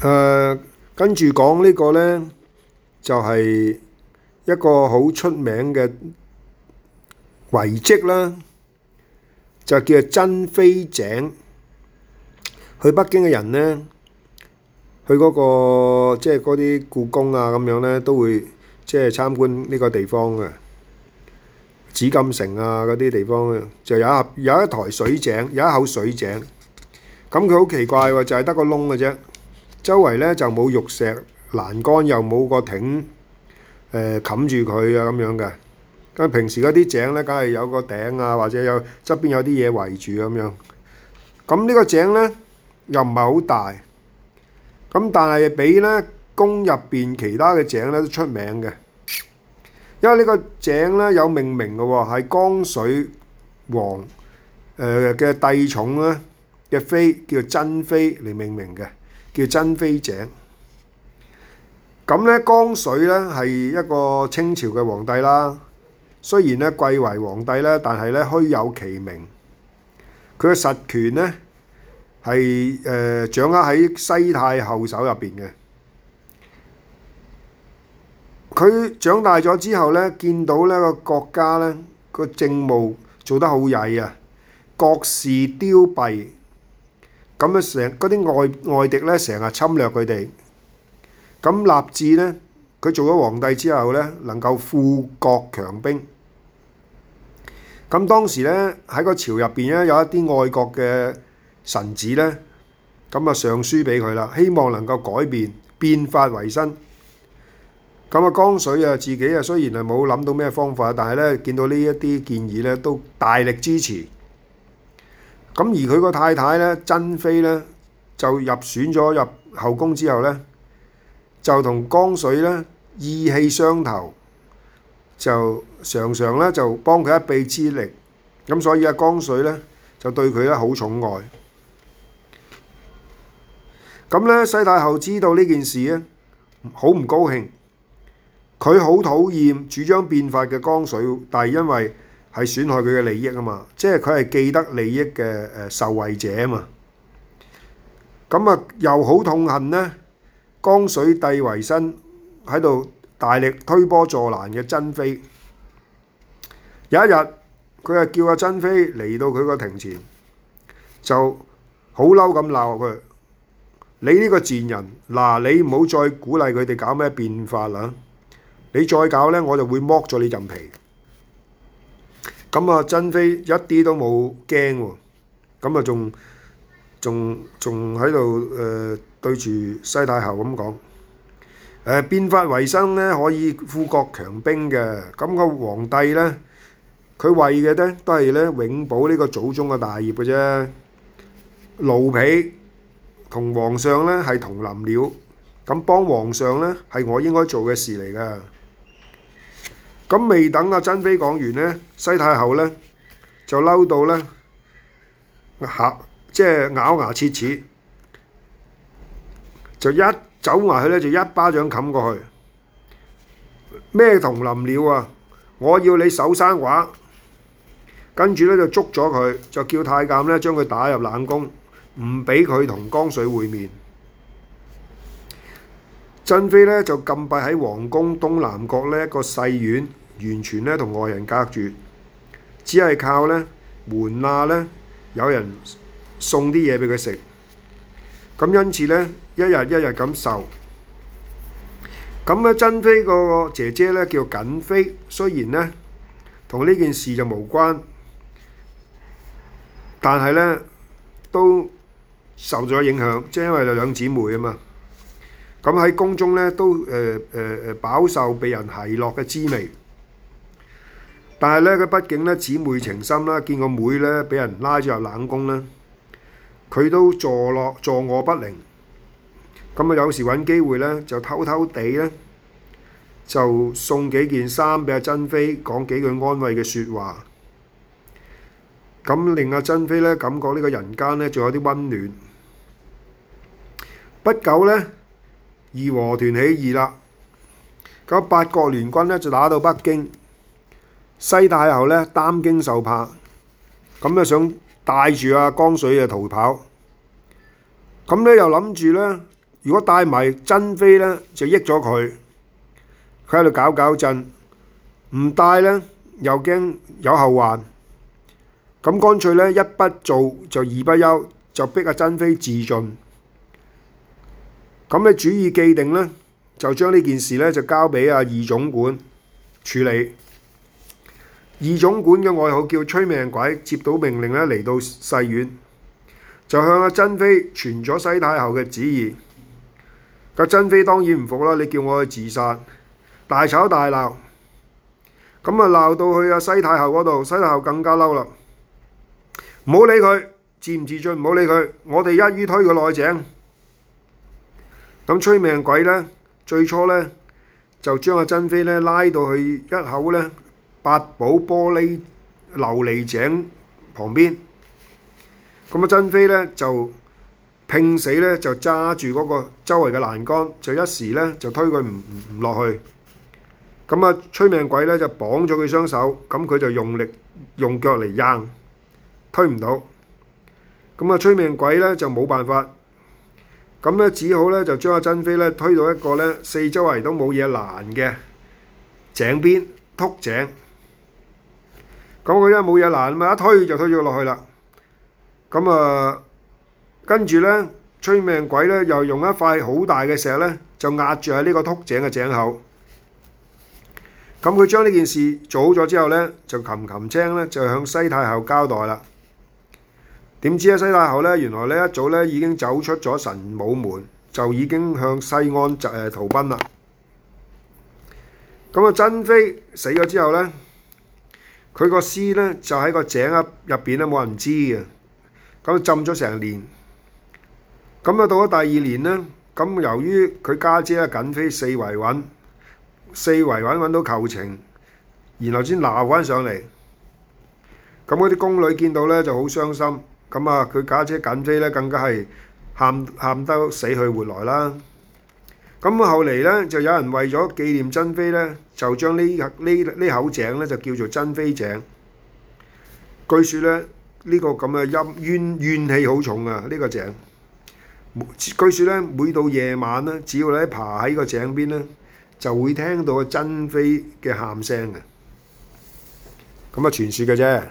誒跟住講個呢個咧，就係、是、一個好出名嘅遺跡啦，就叫做珍妃井。去北京嘅人咧，去嗰、那個即係嗰啲故宮啊咁樣咧，都會即係、就是、參觀呢個地方嘅紫禁城啊嗰啲地方，就有一盒有一台水井，有一口水井，咁佢好奇怪，就係、是、得個窿嘅啫。周圍咧就冇玉石欄杆，又冇個頂，誒冚住佢啊，咁樣嘅。咁平時嗰啲井咧，梗係有個頂啊，或者有側邊有啲嘢圍住咁樣。咁呢個井咧又唔係好大，咁但係比咧宮入邊其他嘅井咧都出名嘅，因為呢個井咧有命名㗎喎，係江水王誒嘅帝寵咧嘅妃叫珍妃嚟命名嘅。叫珍妃井。咁咧，江水咧係一個清朝嘅皇帝啦。雖然咧貴為皇帝咧，但係咧虛有其名。佢嘅實權咧係誒掌握喺西太后手入邊嘅。佢長大咗之後咧，見到咧個國家咧個政務做得好曳啊，國事凋敝。咁啊，成嗰啲外外敵咧，成日侵略佢哋。咁立志咧，佢做咗皇帝之後咧，能夠富國強兵。咁當時咧，喺個朝入邊咧，有一啲愛國嘅臣子咧，咁啊上書俾佢啦，希望能夠改變變法維新。咁啊江水啊，自己啊雖然係冇諗到咩方法，但係咧見到呢一啲建議咧，都大力支持。咁而佢個太太咧，珍妃咧，就入選咗入後宮之後咧，就同光緒咧意氣相投，就常常咧就幫佢一臂之力。咁所以阿光緒咧就對佢咧好寵愛。咁咧，西太后知道呢件事咧，好唔高興。佢好討厭主張變法嘅光緒，但係因為係損害佢嘅利益啊嘛，即係佢係既得利益嘅、呃、受惠者啊嘛，咁啊又好痛恨呢江水帝維新喺度大力推波助瀾嘅珍妃。有一日佢啊叫阿珍妃嚟到佢個庭前，就好嬲咁鬧佢，你呢個賤人嗱、啊、你唔好再鼓勵佢哋搞咩變法啦，你再搞咧我就會剝咗你陣皮。咁啊，珍妃一啲都冇驚喎，咁啊，仲仲仲喺度誒對住西太后咁講，誒變法維新咧可以富國強兵嘅，咁個皇帝咧，佢為嘅咧都係咧永保呢個祖宗嘅大業嘅啫，奴婢同皇上咧係同林鳥，咁幫皇上咧係我應該做嘅事嚟㗎。咁未等阿珍妃講完呢，西太后呢，就嬲到呢，啊、即係咬牙切齒，就一走埋去呢，就一巴掌冚過去，咩同林鳥啊！我要你守生寡，跟住呢就捉咗佢，就叫太監呢將佢打入冷宮，唔俾佢同江水會面。珍妃咧就禁閉喺皇宮東南角呢一個細院，完全咧同外人隔住，只係靠咧門罅咧有人送啲嘢俾佢食。咁因此咧，一日一日咁受。咁咧，珍妃個姐姐咧叫瑾妃，雖然咧同呢件事就無關，但係咧都受咗影響，即係因為有兩姊妹啊嘛。咁喺宮中咧都誒誒誒飽受被人奚落嘅滋味，但係咧，佢畢竟咧姊妹情深啦，見個妹咧俾人拉咗入冷宮啦，佢都坐落坐卧不寧。咁啊，有時揾機會咧就偷偷地咧就送幾件衫俾阿珍妃，講幾句安慰嘅説話，咁令阿珍妃咧感覺呢個人間咧仲有啲温暖。不久咧。義和團起義啦，咁八國聯軍呢就打到北京，西太后呢擔驚受怕，咁呢想帶住阿、啊、江水啊逃跑，咁呢又諗住呢，如果帶埋珍妃呢，就益咗佢，佢喺度搞搞震，唔帶呢，又驚有後患，咁乾脆呢，一不做就二不休，就逼阿珍妃自盡。咁你主意既定咧，就將呢件事咧就交俾阿二總管處理。二總管嘅外號叫催命鬼，接到命令咧嚟到細院，就向阿珍妃傳咗西太后嘅旨意。阿珍妃當然唔服啦，你叫我去自殺，大吵大鬧。咁啊，鬧到去阿西太后嗰度，西太后更加嬲啦，唔好理佢，自唔自盡唔好理佢，我哋一於推佢落井。咁催命鬼咧，最初咧就將阿珍妃咧拉到去一口咧八寶玻璃琉璃井旁邊。咁啊，珍妃咧就拼死咧就揸住嗰個周圍嘅欄杆，就一時咧就推佢唔唔落去。咁啊，催命鬼咧就綁咗佢雙手，咁佢就用力用腳嚟硬，推唔到。咁啊，催命鬼咧就冇辦法。咁咧，只好咧就將阿珍妃咧推到一個咧四周圍都冇嘢攔嘅井邊凸井。咁佢因為冇嘢攔，咁啊，一推就推咗落去啦。咁啊，跟住咧，催命鬼咧又用一塊好大嘅石咧，就壓住喺呢個凸井嘅井口。咁佢將呢件事做好咗之後咧，就擒擒青咧就向西太后交代啦。點知咧、啊，西太后咧，原來咧一早咧已經走出咗神武門，就已經向西安逃奔啦。咁、嗯、啊，珍妃死咗之後呢，佢個屍呢就喺個井入邊咧，冇人知啊。咁、嗯、浸咗成年，咁、嗯、啊到咗第二年呢，咁、嗯、由於佢家姐啊瑾妃四圍揾四圍揾揾到求情，然後先攞返上嚟。咁嗰啲宮女見到呢就好傷心。咁啊，佢家、嗯、姐瑾妃咧更加係喊喊得死去活來啦。咁、嗯、後嚟咧就有人為咗紀念珍妃咧，就將呢口呢呢口井咧就叫做珍妃井。據說咧呢、這個咁嘅陰怨怨氣好重啊，呢、這個井。據說咧每到夜晚咧，只要咧爬喺個井邊咧，就會聽到珍妃嘅喊聲啊。咁、嗯、啊，傳説嘅啫。